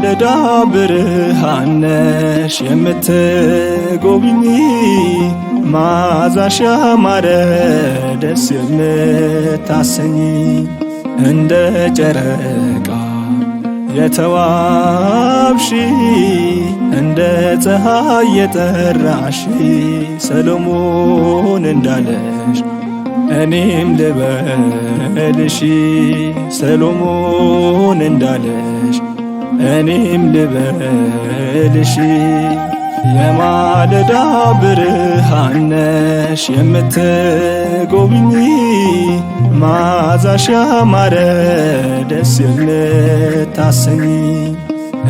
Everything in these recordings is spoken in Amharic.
ማለዳ ብርሃነሽ የምትጎብኝ ማዛሽ ያማረ ደስ የምታሰኝ እንደ ጨረቃ የተዋብሺ እንደ ፀሐይ የጠራሽ ሰሎሞን እንዳለሽ እኔም ልበልሽ ሰሎሞን እንዳለሽ እኔም ልበልሽ የማለዳ ብርሃን ነሽ የምትጎብኚ ማዛሽ ያማረ ደስ የምታሰኝ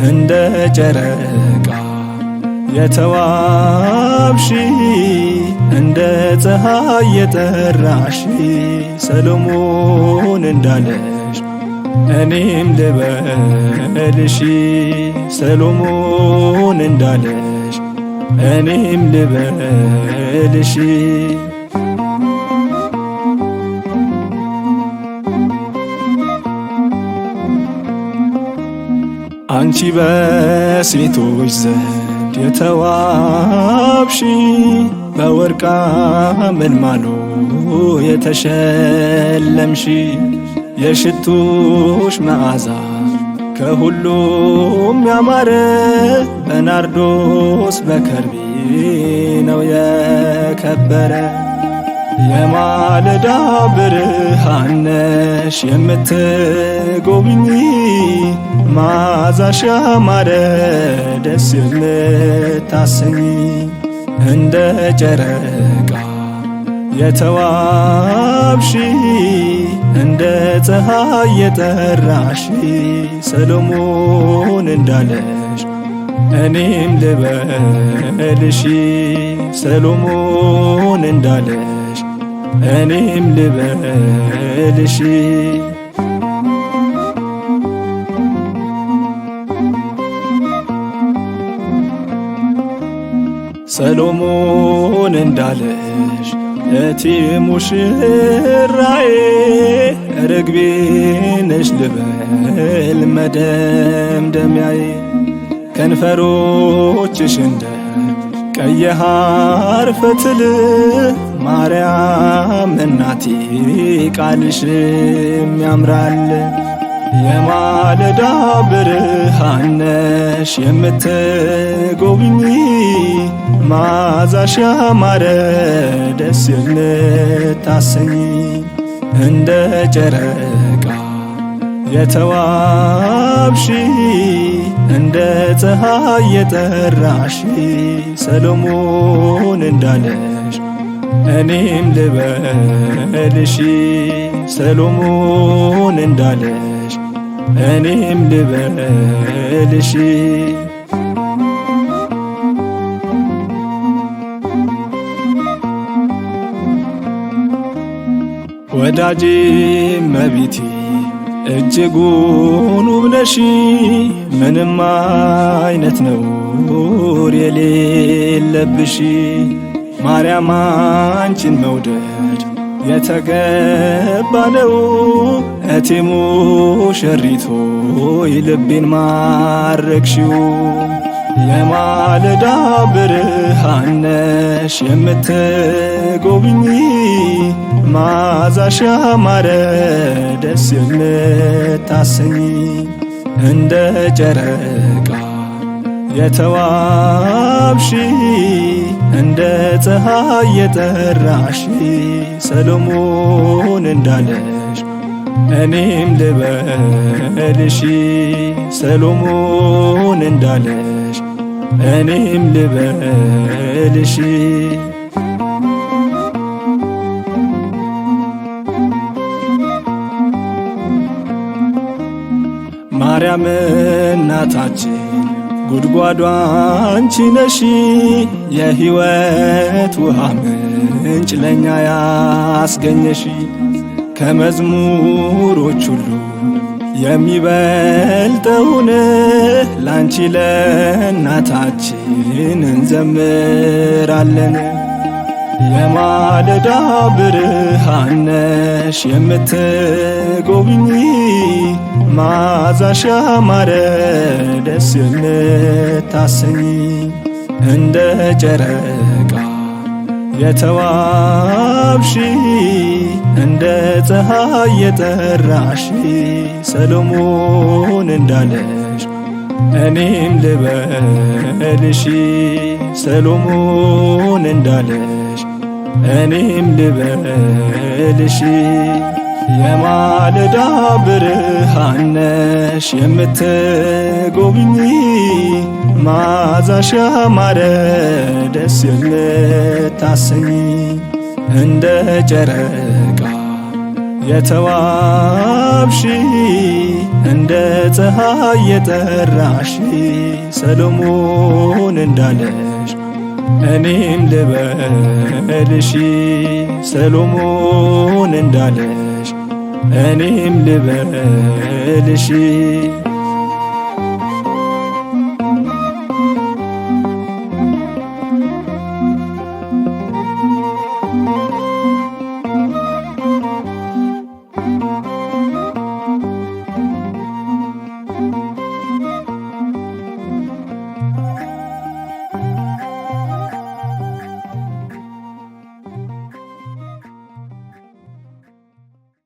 እንደ ጨረቃ የተዋብሺ እንደ ፀሐይ የጠራሺ ሰሎሞን እንዳለ እኔም ልበልሽ ሰሎሞን እንዳለሽ እኔም ልበልሽ አንቺ በሴቶች ዘንድ የተዋብሺ በወርቃ መልማሎ የተሸለምሺ የሽቱሽ መዓዛ ከሁሉም ያማረ በናርዶስ በከርቤ ነው የከበረ። የማለዳ ብርሃነሽ የምትጎብኚ ማዛሽ ያማረ ደስ የምታሰኝ እንደ ጨረቃ የተዋብሺ እንደ በፀሐይ የጠራሽ ሰሎሞን እንዳለሽ እኔም ልበልሽ ሰሎሞን እንዳለሽ እኔም ልበልሽ ሰሎሞን እንዳለሽ እቲ ሙሽራዬ ርግቤ ነሽ ልበል መደምደሚያዬ ከንፈሮችሽ እንደ ቀይ ሐር ፈትል ማርያም እናቴ ቃልሽም ያምራል የማለዳ ብርሃን ነሽ የምትጎብኚ ማዛሽ ያማረ ደስ የምታሰኝ እንደ ጨረቃ የተዋብሺ እንደ ፀሐይ የጠራሺ ሰሎሞን እንዳለሽ እኔም ልበልሽ ሰሎሞን እንዳለሽ እኔም ልበልሽ ወዳጅ መቢቲ እጅጉን ውብ ነሽ ምንም አይነት ነውር የሌለብሽ ማርያም አንቺን መውደድ የተገባለው እቴሙ ሸሪቶ ልቤን ማረክሽው የማለዳ ብርሃነሽ የምትጎብኚ ማዛሽ ያማረ ደስ የምታሰኚ እንደ ጨረቅ የተዋብሺ እንደ ፀሐይ የጠራሽ ሰሎሞን እንዳለሽ እኔም ልበልሽ ሰሎሞን እንዳለሽ እኔም ልበልሽ ማርያም እናታችን ጉድጓዷ አንቺ ነሽ የሕይወት ውሃ ምንጭ ለኛ ያስገኘሽ ከመዝሙሮች ሁሉ የሚበልጠውን ላንቺ ለእናታችን እንዘምራለን። የማለዳ ብርሃነሽ የምትጎብኝ ማዛሻ ያማረ ደስ የምታሰኝ እንደ ጨረቃ የተዋብሺ እንደ ፀሐይ የጠራሺ ሰሎሞን እንዳለ እኔም ልበልሽ ሰሎሞን እንዳለሽ እኔም ልበልሽ የማለዳ ብርሃነሽ የምትጎብኝ የምትጎብኚ ማዛሽ ያማረ ደስ የምታሰኝ እንደ ጨረር የተዋብሺ እንደ ፀሐይ የጠራሽ ሰሎሞን እንዳለሽ እኔም ልበልሽ ሰሎሞን እንዳለሽ እኔም ልበልሽ